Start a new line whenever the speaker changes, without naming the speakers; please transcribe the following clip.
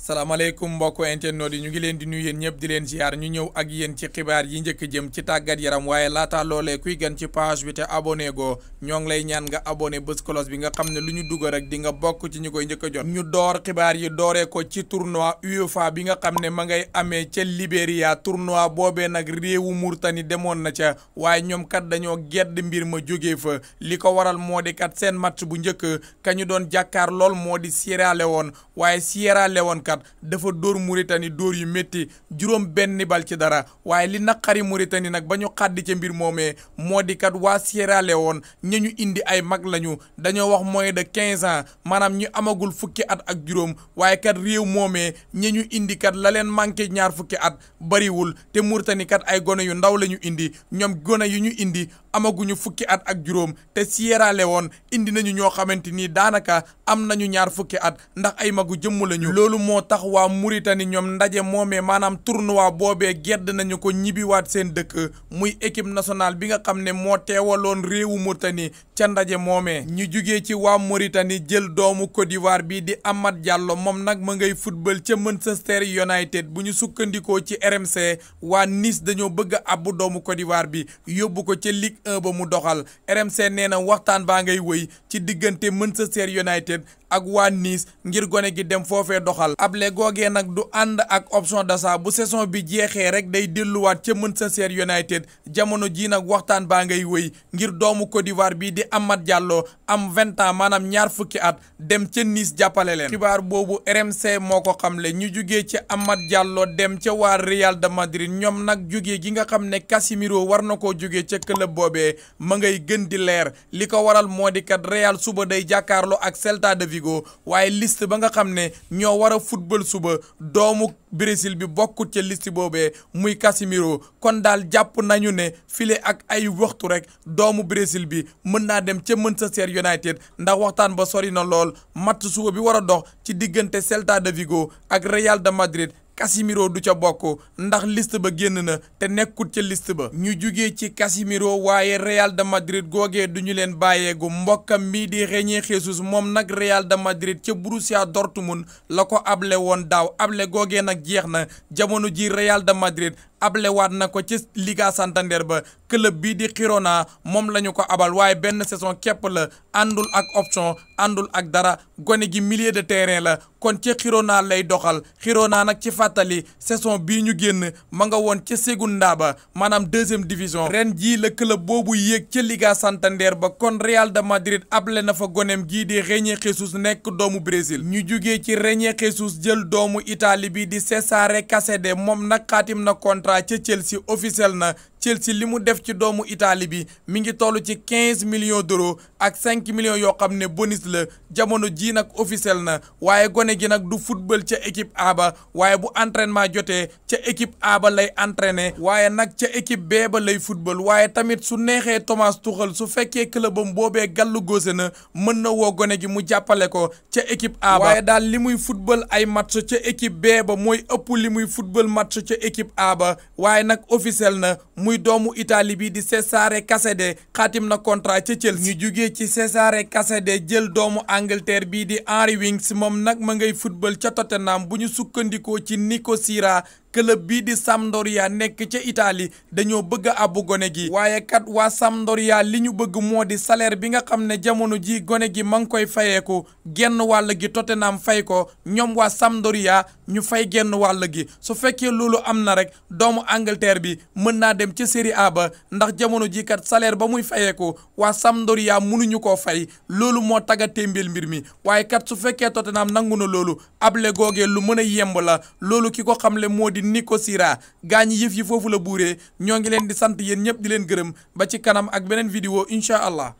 salaamaaleykum mbokku internet yi ñu ngi leen di nuyu yéen ñëpp di leen ziar ñu ñëw ak yéen ci xibaar yi njëkk jëm ci tàggat yaram waaye laata loolee kuy gan ci page bi te abone goo ñoo ngi lay ñaan nga abonné bés cloche bi nga xam ne lu ñu dugal rek di nga bokk ci ñu koy njëkk a jot ñu door xibaar yi doore ko ci tournoi UEFA bi nga xam ne ma ngay amee ca Libéria tournoi boobee nag réewu ni demoon na ca waaye ñoom kat dañoo gedd mbir ma jóge fa li ko waral moo di kat seen match bu njëkk ka ñu doon jàkkaar lool moo di Sierra Leone waaye Sierra Leone 2024 dafa dóor Mauritanie dóor yu métti juróom benn bal ci dara waaye li naqari Mauritanie nag ba ñu xàddi ci mbir moomee moo di kat waa Sierra woon ña ñu indi ay mag lañu dañoo wax moins de quinze ans maanaam ñu amagul fukki at ak juróom waaye kat réew moomee ña ñu indi kat la leen manqué ñaar fukki at bariwul te Mauritanie kat ay gone yu ndaw la ñu indi ñoom gone yu ñu indi. amaguñu fukki at ak juróom te Sierra woon indi nañu ñoo xamante ni daanaka am nañu ñaar fukki at ndax ay magu jëmm lañu. loolu moo tax waa Mauritanie ñoom ndaje moomee maanaam tournoi boobee gedd nañu ko ñibbiwaat seen dëkk muy équipe national bi nga xam ne moo teewaloon réewu Mauritanie ca ndaje moomee. ñu jugee ci waa moritani jël doomu Côte d'Ivoire bi di amat Diallo moom nag ma ngay football ca Manchester United bu ñu sukkandikoo ci RMC waa Nice dañoo bëgg a doomu Côte bi yóbbu ko Ligue ba mu doxal RMC nee na waxtaan baa ngay wëy ci diggante mën Manchester United ak waa Nice ngir gone gi dem foofee doxal able googee nag du ànd ak option d'achat bu saison bi jeexee rek day delluwaat ca mën sa Manchester United jamono ji nag waxtaan baa ngay wëy ngir doomu Côte d'Ivoire bii di Amad jàlloo am vingt ans maanaam ñaar fukki at dem ca Nice jàppale leen xibaar boobu RMC moo ko xam xamle ñu jugee ci Amad jàlloo dem ca waa Real de Madrid ñoom nag jugee gi nga xam ne Casemiro war na koo jugee ca club boobee ma ngay gën di leer li ko waral moo di kat Real suba day jàkkaarloo ak Celta de Vigo waaye list ba nga xam ne ñoo war a football suba doomu Brésil bi bokkut ca liste boobee muy Casemiro kon daal jàpp nañu ne file ak ay waxtu rek doomu Brésil bi mën naa dem ca mën Manchester United ndax waxtaan ba sori na lool matt suba bi war a dox ci diggante Celta de Vigo ak Real de Madrid Casimiro du ca bokk ndax list ba génn na te nekkut ca list ba ñu jugee ci Casimiro waaye Real de Madrid googe du ñu leen bàyyeegu mbokkam mii di René Jesus moom nag Real de Madrid ca Borussia mun la ko able woon daaw able googee nag jeex na jamono ji Real de Madrid ablewaat na ko ca Liga Santander ba club bii di xiro naa moom la ñu ko abal waaye benn saison képp la àndul ak option àndul ak dara gone gi millier de terrain la kon ci Girona lay doxal Girona nag ci fàttali saison bii ñu génn ma nga woon ca Segunda ba maanaam deuxième division ren jii la club boobu yéeg ca Liga Santander ba kon Real de Madrid able na fa goneem gii di Reinier Jesus nekk doomu Brésil ñu jugee ci Reinier Jesus jël doomu Italie bi di Cesare Casede moom nag xaatim na contrat ca Chelsea officiel na Chelsea li mu def ci doomu Italie bi mi ngi toll ci quinze millions d'euros ak cinq millions yoo xam ne bonus la jamono jii nag officiel na waaye gone gi nag du football ca équipe aaba waaye bu entraînement jotee ca équipe A ba lay entraîner waaye nag ca équipe B ba lay football waaye tamit su neexee Thomas Tuchel su fekkee clubam boobee gàllu gose na mën na woo gone gi mu jàppale ko ca équipe A waaye daal li muy football ay match ca équipe B ba mooy ëpp li muy football match ca équipe A waaye nag officiel na mu muy doomu itali bi di Cesare Casede xaatim na contrat ca Chelsea ñu jugee ci Cesare Casede jël doomu Angleterre bi di Harry Winks moom nag mu ngay football ca Tottenham bu ñu sukkandikoo ci niko Sira club bii di Sampdoria nekk ca Italie dañoo bëgg a gone gi waaye kat waa Sampdoria li ñu bëgg moo di salaire bi nga xam ne jamono ji gone gi ma ngi koy fayeeku genn wàll gi Tottenham fay ko ñoom waa Sampdoria ñu fay genn wàll gi su fekkee loolu am na rek doomu Angleterre bi mën naa dem ca Serie A ba ndax jamono ji kat salaire ba muy fayeeku waa Sampdoria mënuñu koo fay loolu moo taggatee témbeel mbir mi waaye kat su fekkee Tottenham nangu na loolu able googee lu di Nico Sira gaa ñi yëf yi foofu la buuree ñoo ngi leen di sant yéen ñëpp di leen gërëm ba ci kanam ak beneen vidéo incha allah